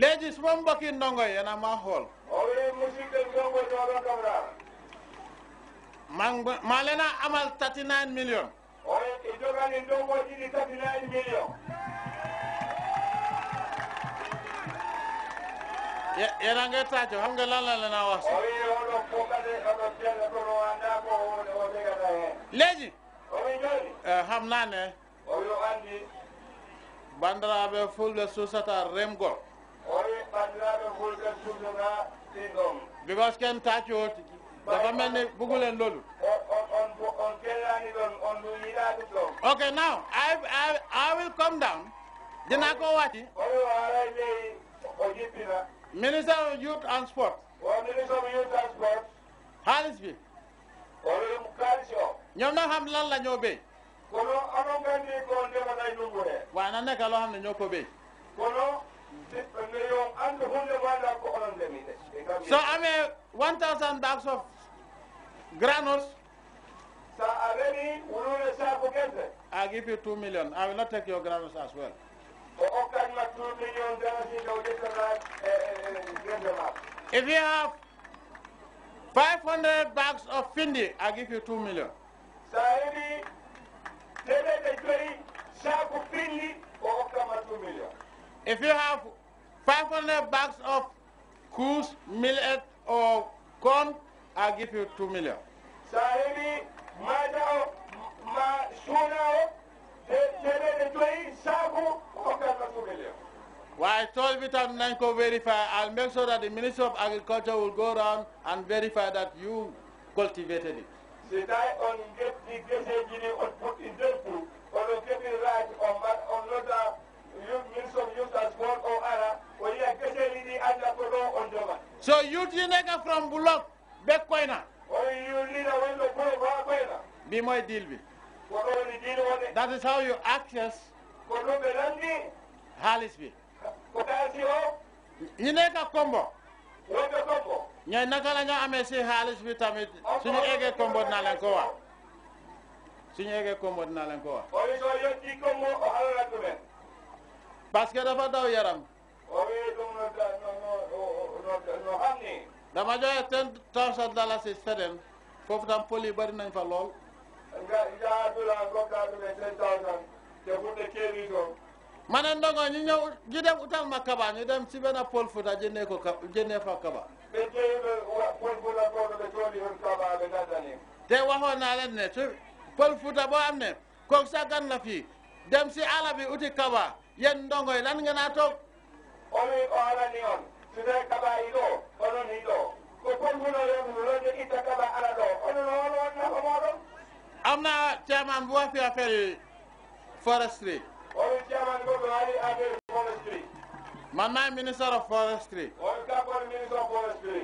léegi su ma mbokki ndongo yi yéen a ma xool. maa ngi maa leen a amal 39 millions. yéen a ngi tàccu xam nga lan la leen a wax. léegi. Eh, xam naa ne. Bandaraaɓe fulɓe suusata remgo. because ken taat yoo dafa mel ni buggu leen loolu okay now I, I, I will come down dinaa ko wàcci minister of youth and sport xaalis bi ñoom nag xam lan la ñoo béy waaye na nekk loo xam ne ñoo ko béy So I'm a 1,000 bags of granules. I give you 2 million. I will not take your granules as well. Eh, eh, eh, if you have 500 bags of findi, I give you 2 million. If you have 500 bags of coos, millet, or corn, I give you 2 million. Sahibi, Madao, Ma well, I told Vitam Nanko verify. I'll make sure that the Minister of Agriculture will go around and verify that you cultivated it. on on on so you as one or other, or you especially the other for law on So you nigga from Bullock, back you leader when the poor Quaina. Be my deal with. That is how you access Halisby. You combo. ñoy naka la nga amee si xaalis bi tamit suñu eggee combo dinaa leen ko wax suñu eggee combo dinaa leen parce que dafa daw yaram. dama joxe ten thousand dollars si Sedem foofu tam pël yi bari nañ fa lool. nga jaa du la ko kaa du ne ten thousand te bu ne kéeri ko. ma ne ndongo ñu ñëw ñu dem utal ma kaba ñu dem ci benn pël futa jëndee ko ka jëndee fa kaba. te jéem eh, a pël futa koo doon cooni yoon kaba bi dandani. te waxoon naa leen ne su pël futa boo am ne kooku sa gan la fii dem si àll bi uti kaba. yéen ndongo yi lan ngeen a toog omi ko alani on sudai kaba ido onon ido ko konguno yomulode itta kaba ala ɗo onon on wonna ko moɗon am na chairman bu wax fi affaire forestry omi chairman goɗo ari affaire forestry man maay ministre of forestry omi kakkon ministre of forestry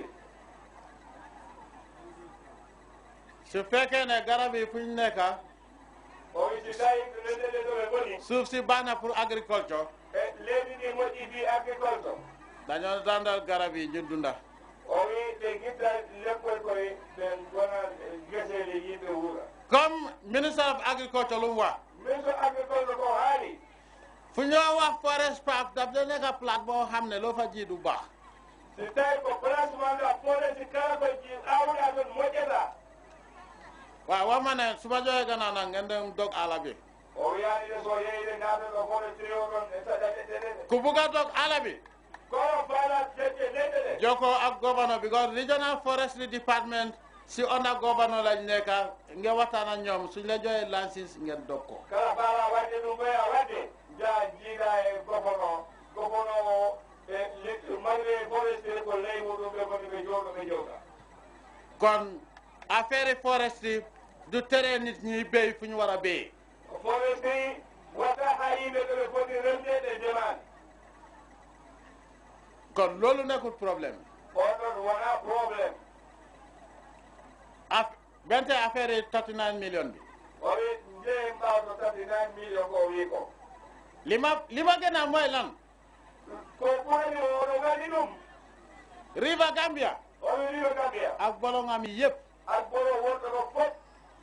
su fekkee ne garab yi fuñ nekka suuf si baax pour agriculture. léegi ni moƴƴi fi agriculture. dañoo dandal garab yi ñu dunda. owi te gitta lekkol koye ɓen gona geseele yimɓe wuura comme ministre of agriculture lum wa ministre agriculture ko haali fu ñoo wax forest park daf de nekk boo xam ne loo fa ji du baax wa wa mane suba joye gana nan ngende dog alabi o ya ni so na be ko ko trio kon e ta dade dede ku buga dog ala be ko bala tete dede joko ak governor because regional forestry department si ona governor lañ nekka nge na ñom suñ la joye lancis ngeen dog ko kala bala wadde ɗum ɓe a wadde ja jiida e gofono gofono o e malgré forestry ko ley muɗum ɓe ko ɓe jowɗo ɓe kon affaire forestry du tere nit ñi béy fu ñu war a béy. kon loolu nekkul problème. onon wona problème. af bente affaire yi 39 million bi. owi njeen mbawto 39 million ko wi ko. lima lima gëna mooy lan. ko ɓurani ono gandi ɗum. River Gambia. owi River Gambia. ak bolongam yi yëpp. ak bolo wonɗo ɗo fof.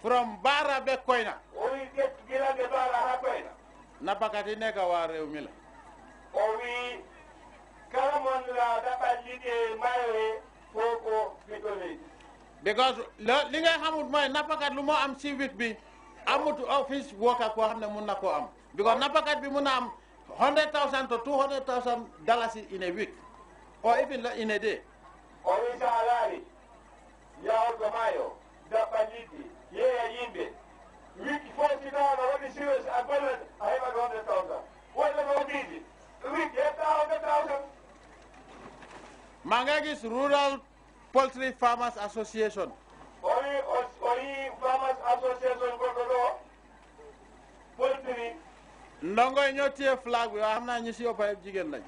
from bara be koyna woni get gilade bara ha koyna nabakati ne ga wa rew mi la o wi kala mon la daɓalliɗe mayoye foko fito leydi because li ngay xamut mooy nappakat lu moo am si bi amut office worker koo xam ne mun na am because nappakat bi mun am hundred thousand to two hundred thousand dollars in a week or even in a day o wi sa alaari yawto maayo daɓɓalliɗi yeye yayimbe. Wiki force down already serious employment, I have 100,000. What about busy? Wiki 8,000. Mangagi's Rural Poultry Farmers Association. Ori, oi, Farmers Association Gogogo. Poultry. Ndongo inyotie flag, we amna nyisi opa jigen nai.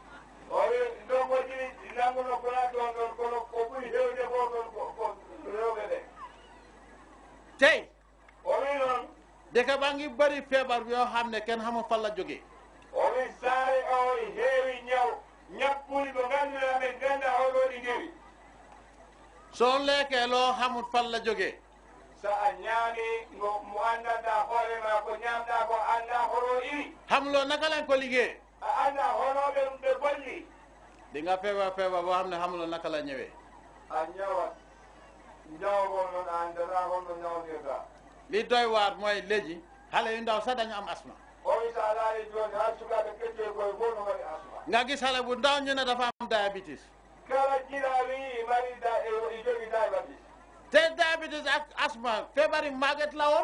Oi, ndongo jini nangu no flag ndongo tey. omi noon. dëkk baa ngi bari feebar yoo xam ne kenn xamul fan la jógee. omi saare o heewi ñaw ñappuli ko ngannduɗa ɓe ganda oɗo ɗi ndewi so loo xamul fan la jógee so a ñaami ngo mo anndanta ko ñaamɗa ko annda hono iri xamuloo naka len ko liggéey a annda honoɓe ɗum ɓe golli di nga feewa feewa boo naka la ñëwee li dawagoo noon an xale yu ndaw dañu am asma nga gis xale bu ndaw ñu ne dafa am diabetes te diabetes ak asma la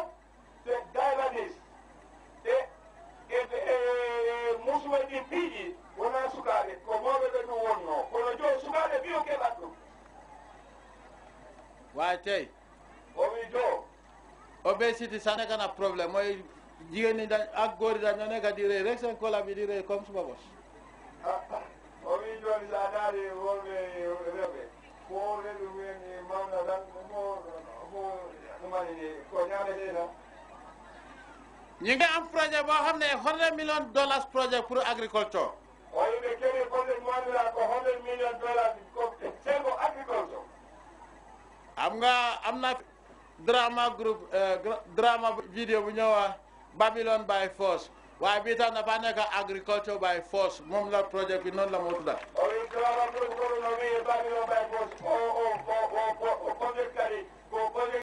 tey. mooy doo. obésité sax nekk na problème mooy jigéen ñi dañ ak góor yi dañoo nekk di rëy rek seen kola bi di rëy comme suma bos. ah ah mooy doo di saa daal di wóor ne rëbe koo rëbe wéen ni maam na lan moo moo numaa ni ko ñaare dee na. ñu ngi am projet boo xam hundred million dollars projet pour agriculture. waaye bu fekkee ne projet bi maa ko hundred million dollars ko am nga am na drama group eh, drama video bu ñëwa Babylon by force waaye bii tam dafa nekk agriculture by force moom la projet bi noonu la moo tudda oh, drama group oh,